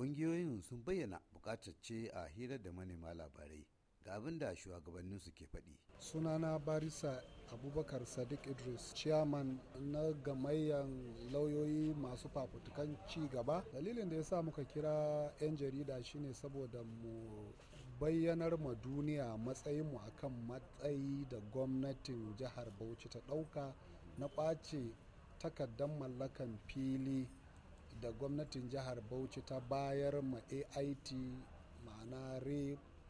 ƙungiyoyin sun bayyana bukatar ce a hira da manema labarai ga abin da shugabannin su ke faɗi. sunana barisa abubakar sadiq idris chairman na gamayyar lauyoyi masu fafutukan ci gaba dalilin da ya sa muka kira 'yan jarida shine saboda mu bayyanar ma duniya matsayinmu akan matsayi da gwamnatin jihar bauchi ta ɗauka na ƙwace takardar mallakan fili da gwamnatin jihar bauchi ta bayar ma ait ma'ana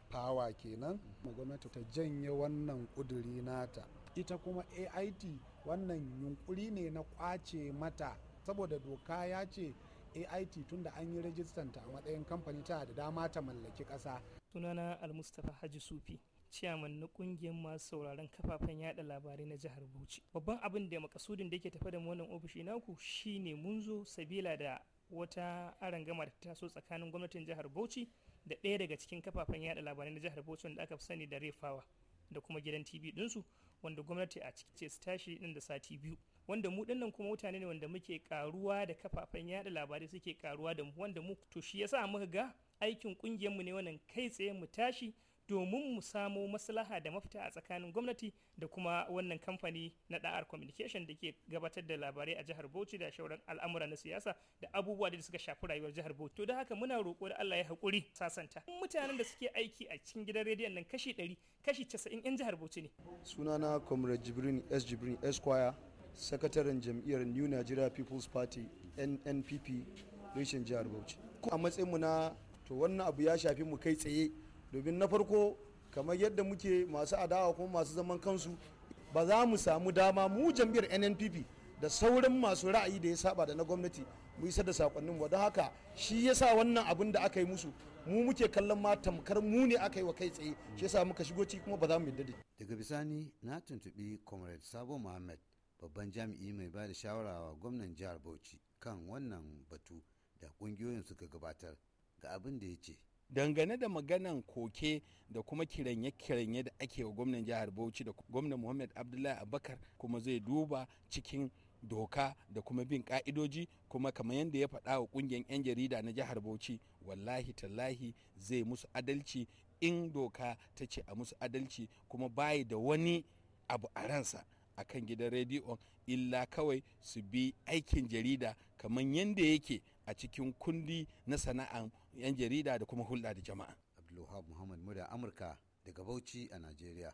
power kenan ma gwamnati ta janye wannan kuduri nata ita kuma ait wannan yunkuri ne na kwace mata saboda doka ya ce ait tunda an yi rajistanta a matsayin kamfani ta da dama ta mallaki ƙasa sunana almustapha haji sufi ciyaman na kungiyar masu sauraron kafafen yada labarai na jihar Bauchi. Babban abin da makasudin da yake tafe da wannan ofishi naku shine mun zo sabila da wata arangama da ta taso tsakanin gwamnatin jihar Bauchi da ɗaya daga cikin kafafen yada labarai na jihar Bauchi wanda aka fi sani da Refawa da kuma gidan TV dinsu wanda gwamnati a ciki ce su tashi nan da sati biyu. wanda mu dinnan kuma mutane ne wanda muke karuwa da kafafen yada labarai suke karuwa da mu wanda mu to shi yasa muka ga aikin kungiyar mu ne wannan kai tsaye mu tashi domin mu samo maslaha da mafita a tsakanin gwamnati da kuma wannan kamfani na da'ar communication da ke gabatar da labarai a jihar bauchi da shauran al'amura na siyasa da abubuwa da suka shafi rayuwar jihar bauchi to da haka muna roƙo da allah ya haƙuri sasanta mutanen da suke aiki a cikin gidan rediyon nan kashi 100 kashi 90 'yan jihar bauchi ne sunana comrade jibrin s jibrin esquire sakataren jam'iyyar new nigeria people's party nnpp reshen jihar bauchi a matsayinmu na to wannan abu ya shafi mu kai tsaye domin na farko kamar yadda muke masu adawa kuma masu zaman kansu ba za mu samu dama mu jam'iyyar nnpp da sauran masu ra'ayi da ya saba da na gwamnati mu isar da sakonnin mu don haka shi ya sa wannan abin da aka yi musu mu muke kallon ma tamkar mu ne aka yi wa kai tsaye shi yasa muka shigo ciki kuma ba za mu dade. daga bisani na tuntubi comrade sabo muhammad babban jami'i mai ba da shawara wa gwamnan jihar bauchi kan wannan batu da ƙungiyoyin suka gabatar ga abin da ya ce dangane da maganan koke da kuma kiranye-kiranye da ake wa gwamnan jihar bauchi da gwamnan muhammad abdullahi abubakar kuma zai duba cikin doka da kuma bin ka'idoji kuma kamar yadda ya faɗa wa ƙungiyar 'yan jarida na jihar bauchi wallahi tallahi zai musu adalci in doka ta ce a musu adalci kuma bayi da wani abu a ransa a kan gidan rediyon illa kawai su bi aikin jarida kamar yadda yake a cikin kundi na sana'a 'yan jarida da kuma hulɗa da jama'a. Abdulwahab Muhammad Muda Amurka daga Bauchi a Najeriya.